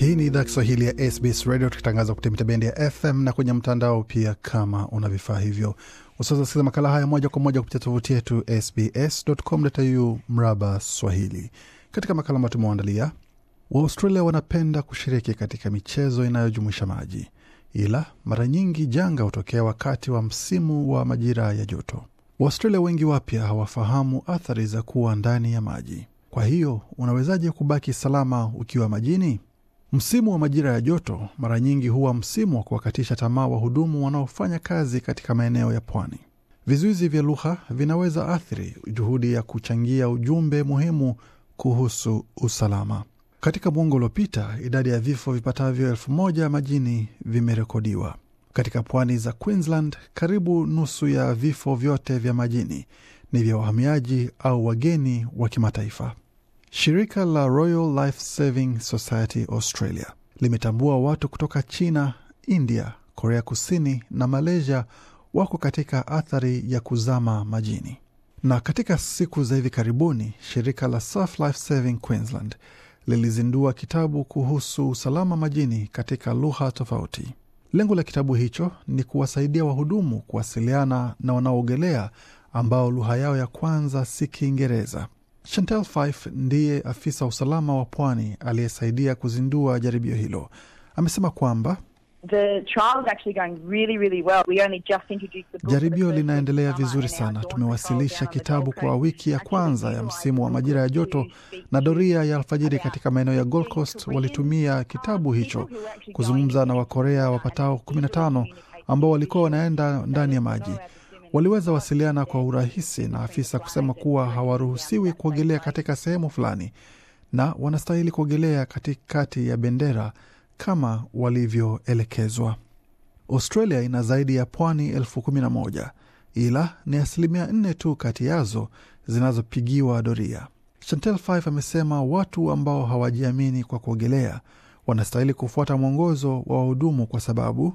Hii ni idhaa Kiswahili ya SBS Radio, tukitangaza kupitia bendi ya FM na kwenye mtandao pia, kama una vifaa hivyo. Usaweza kusikiliza makala haya moja kwa moja kupitia tovuti yetu sbs.com.au mraba swahili. Katika makala ambayo tumewaandalia, Waaustralia wanapenda kushiriki katika michezo inayojumuisha maji, ila mara nyingi janga hutokea wakati wa msimu wa majira ya joto. Waaustralia wengi wapya hawafahamu athari za kuwa ndani ya maji. Kwa hiyo unawezaje kubaki salama ukiwa majini? Msimu wa majira ya joto mara nyingi huwa msimu wa kuwakatisha tamaa wahudumu wanaofanya kazi katika maeneo ya pwani. Vizuizi vya lugha vinaweza athiri juhudi ya kuchangia ujumbe muhimu kuhusu usalama. Katika mwongo uliopita, idadi ya vifo vipatavyo elfu moja majini vimerekodiwa katika pwani za Queensland. Karibu nusu ya vifo vyote vya majini ni vya wahamiaji au wageni wa kimataifa. Shirika la Royal Life Saving Society Australia limetambua watu kutoka China, India, Korea Kusini na Malaysia wako katika athari ya kuzama majini. Na katika siku za hivi karibuni, shirika la Surf Life Saving Queensland lilizindua kitabu kuhusu usalama majini katika lugha tofauti. Lengo la kitabu hicho ni kuwasaidia wahudumu kuwasiliana na wanaoogelea ambao lugha yao ya kwanza si Kiingereza. Chantel Fife ndiye afisa wa usalama wa pwani aliyesaidia kuzindua jaribio hilo. Amesema kwamba really, really well. Jaribio linaendelea vizuri sana. Tumewasilisha kitabu kwa wiki ya kwanza ya msimu wa majira ya joto na doria ya alfajiri katika maeneo ya Gold Coast. Walitumia kitabu hicho kuzungumza na Wakorea wapatao 15 ambao walikuwa wanaenda ndani ya maji waliweza wasiliana kwa urahisi na afisa kusema kuwa hawaruhusiwi kuogelea katika sehemu fulani na wanastahili kuogelea katikati ya bendera kama walivyoelekezwa. Australia ina zaidi ya pwani 11 ila ni asilimia nne tu kati yazo zinazopigiwa doria. Chantel 5 amesema watu ambao hawajiamini kwa kuogelea wanastahili kufuata mwongozo wa wahudumu kwa sababu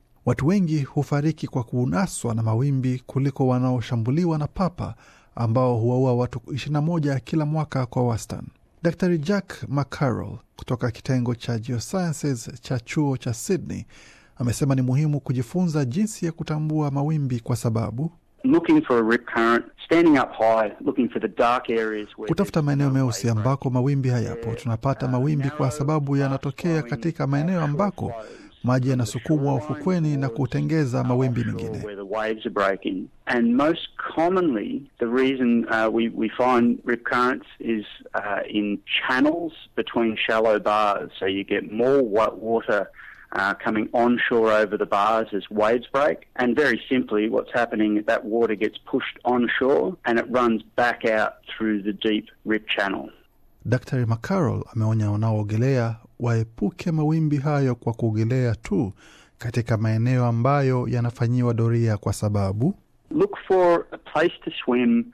Watu wengi hufariki kwa kunaswa na mawimbi kuliko wanaoshambuliwa na papa ambao huwaua watu 21 kila mwaka kwa wastan Dr Jack McCarroll kutoka kitengo cha Geosciences cha chuo cha Sydney amesema ni muhimu kujifunza jinsi ya kutambua mawimbi kwa sababu kutafuta maeneo meusi ambako mawimbi hayapo. Tunapata mawimbi kwa sababu yanatokea katika maeneo ambako maji yanasukumwa ufukweni na kutengeza mawimbi mengine. Uh, coming onshore over the bars as waves break. And very simply, what's happening that water gets pushed onshore and it runs back out through the deep rip channel. Dr. McCarroll ameonya wanaoogelea waepuke mawimbi hayo kwa kuogelea tu katika maeneo ambayo yanafanyiwa doria kwa sababu Look for a place to swim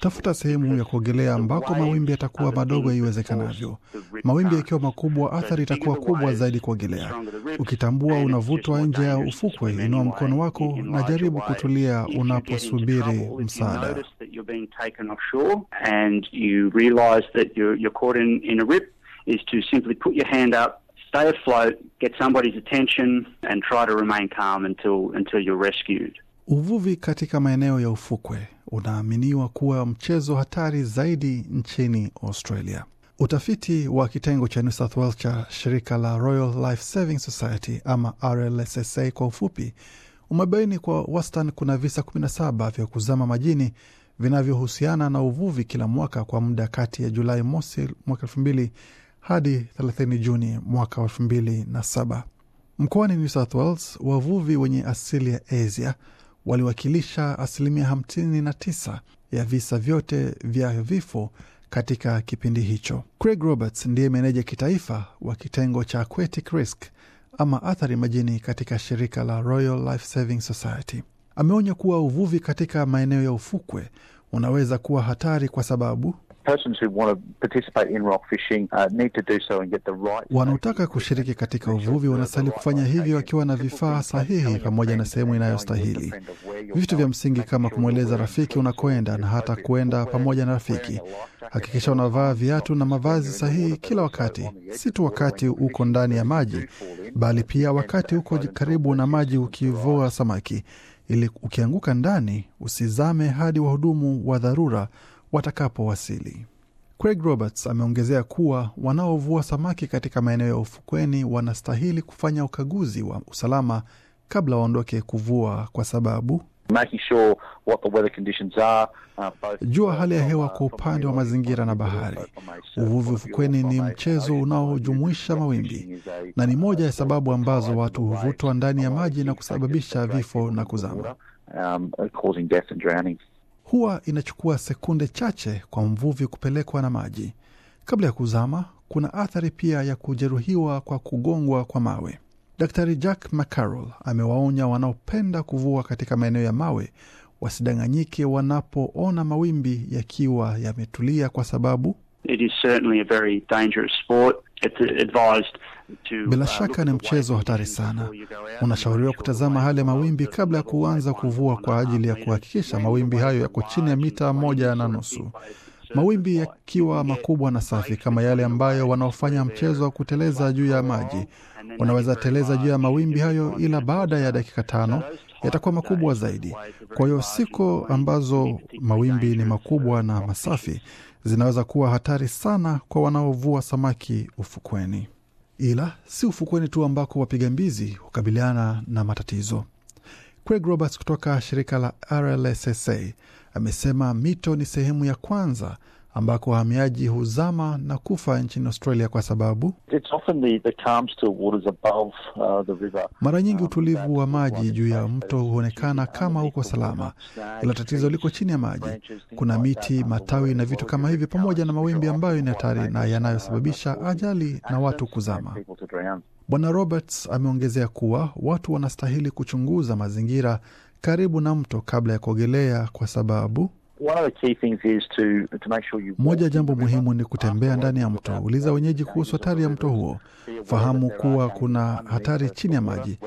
Tafuta sehemu ya kuogelea ambako mawimbi yatakuwa madogo iwezekanavyo. Mawimbi yakiwa makubwa, athari itakuwa kubwa zaidi kuogelea. Ukitambua unavutwa nje ya ufukwe, inua mkono wako na jaribu kutulia unaposubiri msaada. Stay afloat, get somebody's attention and try to remain calm until, until you're rescued. Uvuvi katika maeneo ya ufukwe unaaminiwa kuwa mchezo hatari zaidi nchini Australia. Utafiti wa kitengo cha New South Wales cha shirika la Royal Life Saving Society ama RLSSA kwa ufupi, umebaini kwa wastani kuna visa 17 vya kuzama majini vinavyohusiana na uvuvi kila mwaka kwa muda kati ya Julai mosi mwaka 2000 hadi 30 Juni mwaka 2007. Mkoani New South Wales, wavuvi wenye asili ya Asia waliwakilisha asilimia 59 ya visa vyote vya vifo katika kipindi hicho. Craig Roberts ndiye meneja kitaifa wa kitengo cha aquatic risk ama athari majini katika shirika la Royal Life Saving Society. Ameonya kuwa uvuvi katika maeneo ya ufukwe unaweza kuwa hatari kwa sababu Wanaotaka kushiriki katika uvuvi wanastahili kufanya hivyo wakiwa na vifaa sahihi pamoja na sehemu inayostahili. Vitu vya msingi kama kumweleza rafiki unakoenda na hata kuenda pamoja na rafiki. Hakikisha unavaa viatu na mavazi sahihi kila wakati, si tu wakati uko ndani ya maji, bali pia wakati uko karibu na maji ukivua samaki, ili ukianguka ndani usizame hadi wahudumu wa dharura watakapowasili. Craig Roberts ameongezea kuwa wanaovua samaki katika maeneo ya ufukweni wanastahili kufanya ukaguzi wa usalama kabla waondoke kuvua kwa sababu Sure what the weather conditions are, uh, both... jua hali ya hewa uh, kwa upande wa mazingira na bahari. Uvuvi ufukweni ni mchezo unaojumuisha mawimbi na ni uh, moja ya sababu ambazo watu huvutwa ndani ya maji na kusababisha vifo na kuzama. Um, huwa inachukua sekunde chache kwa mvuvi kupelekwa na maji. Kabla ya kuzama, kuna athari pia ya kujeruhiwa kwa kugongwa kwa mawe. Daktari Jack McCarroll amewaonya wanaopenda kuvua katika maeneo ya mawe wasidanganyike wanapoona mawimbi yakiwa yametulia, kwa sababu It is certainly a very dangerous sport. Uh, uh, Bila shaka ni mchezo hatari sana. Unashauriwa kutazama hali ya mawimbi kabla ya kuanza kuvua kwa ajili ya kuhakikisha mawimbi hayo yako chini ya mita moja na nusu. Mawimbi yakiwa makubwa na safi kama yale ambayo wanaofanya mchezo wa kuteleza juu ya maji unaweza teleza juu ya mawimbi hayo, ila baada ya dakika tano yatakuwa makubwa zaidi. Kwa hiyo siku ambazo mawimbi ni makubwa na masafi zinaweza kuwa hatari sana kwa wanaovua samaki ufukweni. Ila si ufukweni tu ambako wapiga mbizi hukabiliana na matatizo. Craig Roberts kutoka shirika la RLSSA amesema mito ni sehemu ya kwanza ambako wahamiaji huzama na kufa nchini Australia kwa sababu uh, mara nyingi um, utulivu wa maji juu ya mto huonekana kama uko salama, ila tatizo liko chini ya maji. Kuna miti, matawi na vitu kama hivyo, pamoja na mawimbi ambayo ni hatari na yanayosababisha ajali na watu kuzama. Bwana Roberts ameongezea kuwa watu wanastahili kuchunguza mazingira karibu na mto kabla ya kuogelea kwa sababu moja ya jambo muhimu ni kutembea ndani ya mto. Uliza wenyeji kuhusu hatari ya mto huo, fahamu kuwa kuna hatari chini ya maji,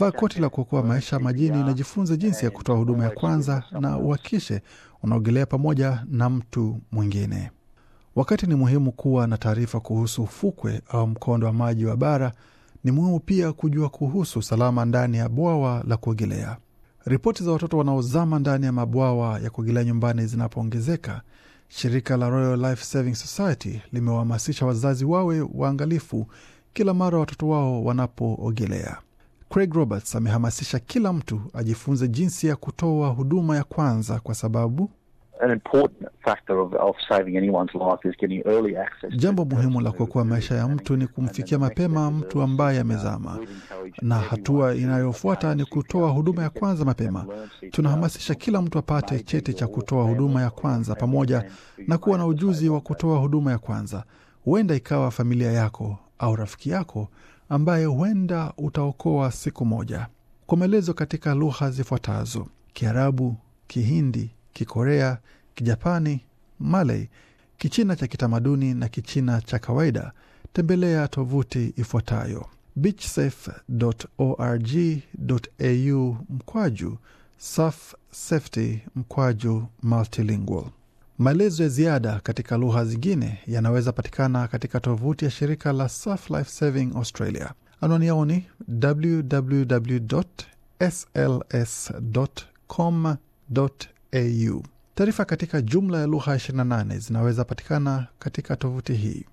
vaa koti la kuokoa maisha majini na jifunze jinsi ya kutoa huduma ya kwanza, na uhakishe unaogelea pamoja na mtu mwingine. Wakati ni muhimu kuwa na taarifa kuhusu ufukwe au mkondo wa maji wa bara, ni muhimu pia kujua kuhusu usalama ndani ya bwawa la kuogelea. Ripoti za watoto wanaozama ndani ya mabwawa ya kuogelea nyumbani zinapoongezeka, shirika la Royal Life Saving Society limewahamasisha wazazi wawe waangalifu kila mara watoto wao wanapoogelea. Craig Roberts amehamasisha kila mtu ajifunze jinsi ya kutoa huduma ya kwanza, kwa sababu An important factor of, of saving anyone's life is getting early access. Jambo muhimu la kuokoa maisha ya mtu ni kumfikia mapema mtu ambaye amezama, na hatua inayofuata ni kutoa huduma ya kwanza mapema. Tunahamasisha kila mtu apate cheti cha kutoa huduma ya kwanza pamoja na kuwa na ujuzi wa kutoa huduma ya kwanza. Huenda ikawa familia yako au rafiki yako ambaye huenda utaokoa siku moja. Kwa maelezo katika lugha zifuatazo: Kiarabu, Kihindi, Kikorea, Kijapani, Malay, Kichina cha kitamaduni na Kichina cha kawaida, tembelea tovuti ifuatayo beachsafe.org.au mkwaju surf safety mkwaju multilingual. Maelezo ya ziada katika lugha zingine yanaweza patikana katika tovuti ya shirika la Surf Life Saving Australia. Anwani yao ni www au. Taarifa katika jumla ya lugha 28 zinaweza patikana katika tovuti hii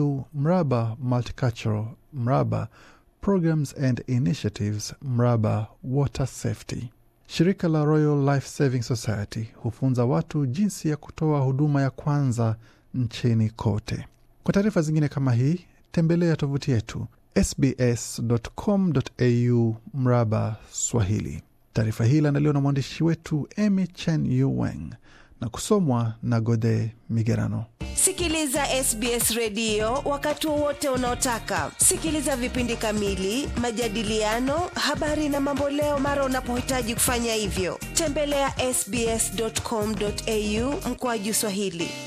au mraba multicultural mraba programs and initiatives mraba water safety. Shirika la Royal Life Saving Society hufunza watu jinsi ya kutoa huduma ya kwanza nchini kote. Kwa taarifa zingine kama hii, tembelea tovuti yetu sbs.com.au mraba Swahili. Taarifa hii iliandaliwa na mwandishi wetu Emy Chen Yuweng na kusomwa na Gode Migerano. Sikiliza SBS redio wakati wowote unaotaka. Sikiliza vipindi kamili, majadiliano, habari na mamboleo mara unapohitaji kufanya hivyo. Tembelea ya sbs.com.au mkoaju Swahili.